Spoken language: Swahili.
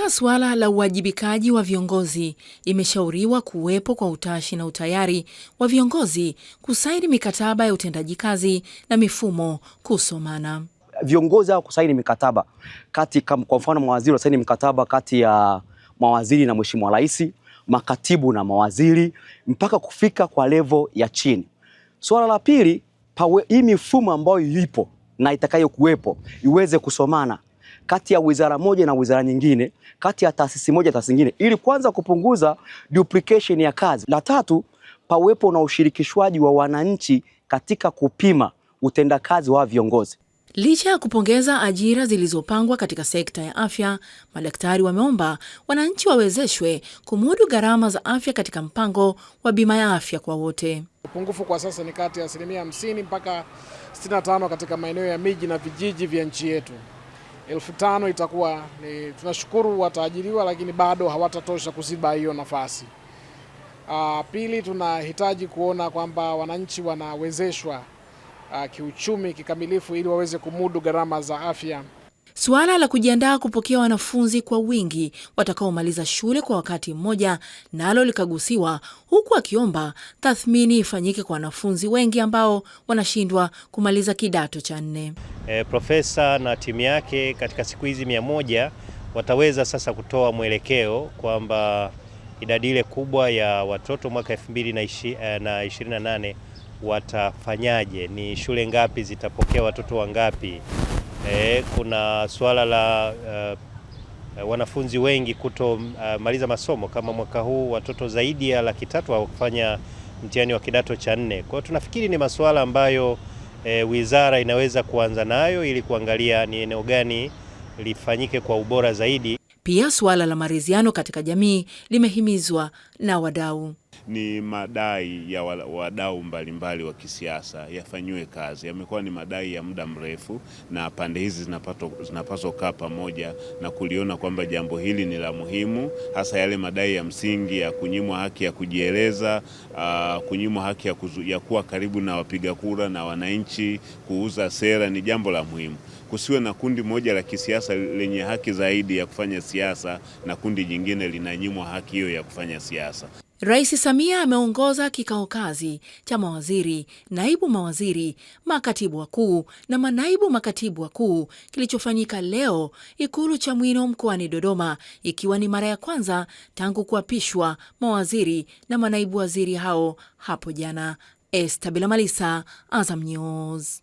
Katika suala la uwajibikaji wa viongozi, imeshauriwa kuwepo kwa utashi na utayari wa viongozi kusaini mikataba ya utendaji kazi na mifumo kusomana. Viongozi hao kusaini mikataba kati, kwa mfano mawaziri wasaini mikataba kati ya mawaziri na mheshimiwa rais, makatibu na mawaziri, mpaka kufika kwa levo ya chini. Suala la pili, hii mifumo ambayo ipo na itakayokuwepo iweze kusomana kati ya wizara moja na wizara nyingine, kati ya taasisi moja taasisi nyingine, ili kwanza kupunguza duplication ya kazi. La tatu, pawepo na ushirikishwaji wa wananchi katika kupima utendakazi wa viongozi. Licha ya kupongeza ajira zilizopangwa katika sekta ya afya, madaktari wameomba wananchi wawezeshwe kumudu gharama za afya katika mpango wa bima ya afya kwa wote. Upungufu kwa sasa ni kati ya asilimia 50 mpaka 65 katika maeneo ya miji na vijiji vya nchi yetu elfu tano itakuwa ni tunashukuru wataajiriwa, lakini bado hawatatosha kuziba hiyo nafasi. Uh, pili tunahitaji kuona kwamba wananchi wanawezeshwa uh, kiuchumi kikamilifu ili waweze kumudu gharama za afya. Suala la kujiandaa kupokea wanafunzi kwa wingi watakaomaliza shule kwa wakati mmoja nalo likagusiwa, huku akiomba tathmini ifanyike kwa wanafunzi wengi ambao wanashindwa kumaliza kidato cha nne. E, profesa na timu yake katika siku hizi mia moja wataweza sasa kutoa mwelekeo kwamba idadi ile kubwa ya watoto mwaka e2na e, nane watafanyaje, ni shule ngapi zitapokea watoto wangapi? E, kuna suala la uh, wanafunzi wengi kutomaliza eh, uh, masomo kama mwaka huu watoto zaidi ya laki tatu hawakufanya mtihani wa kidato cha nne. Kwa hiyo tunafikiri ni masuala ambayo e, wizara inaweza kuanza nayo ili kuangalia ni eneo gani lifanyike kwa ubora zaidi. Pia suala la maridhiano katika jamii limehimizwa na wadau. Ni madai ya wadau mbalimbali wa kisiasa yafanyiwe kazi. Yamekuwa ni madai ya muda mrefu, na pande hizi zinapaswa kukaa pamoja na kuliona kwamba jambo hili ni la muhimu, hasa yale madai ya msingi ya kunyimwa haki ya kujieleza, kunyimwa haki ya, kuzu, ya kuwa karibu na wapiga kura na wananchi, kuuza sera ni jambo la muhimu. Kusiwe na kundi moja la kisiasa lenye haki zaidi ya kufanya siasa na kundi jingine linanyimwa haki hiyo ya kufanya siasa. Rais Samia ameongoza kikao kazi cha mawaziri, naibu mawaziri, makatibu wakuu na manaibu makatibu wakuu kilichofanyika leo Ikulu Chamwino mkoani Dodoma, ikiwa ni mara ya kwanza tangu kuapishwa mawaziri na manaibu waziri hao hapo jana. Esta Malisa, Azam News.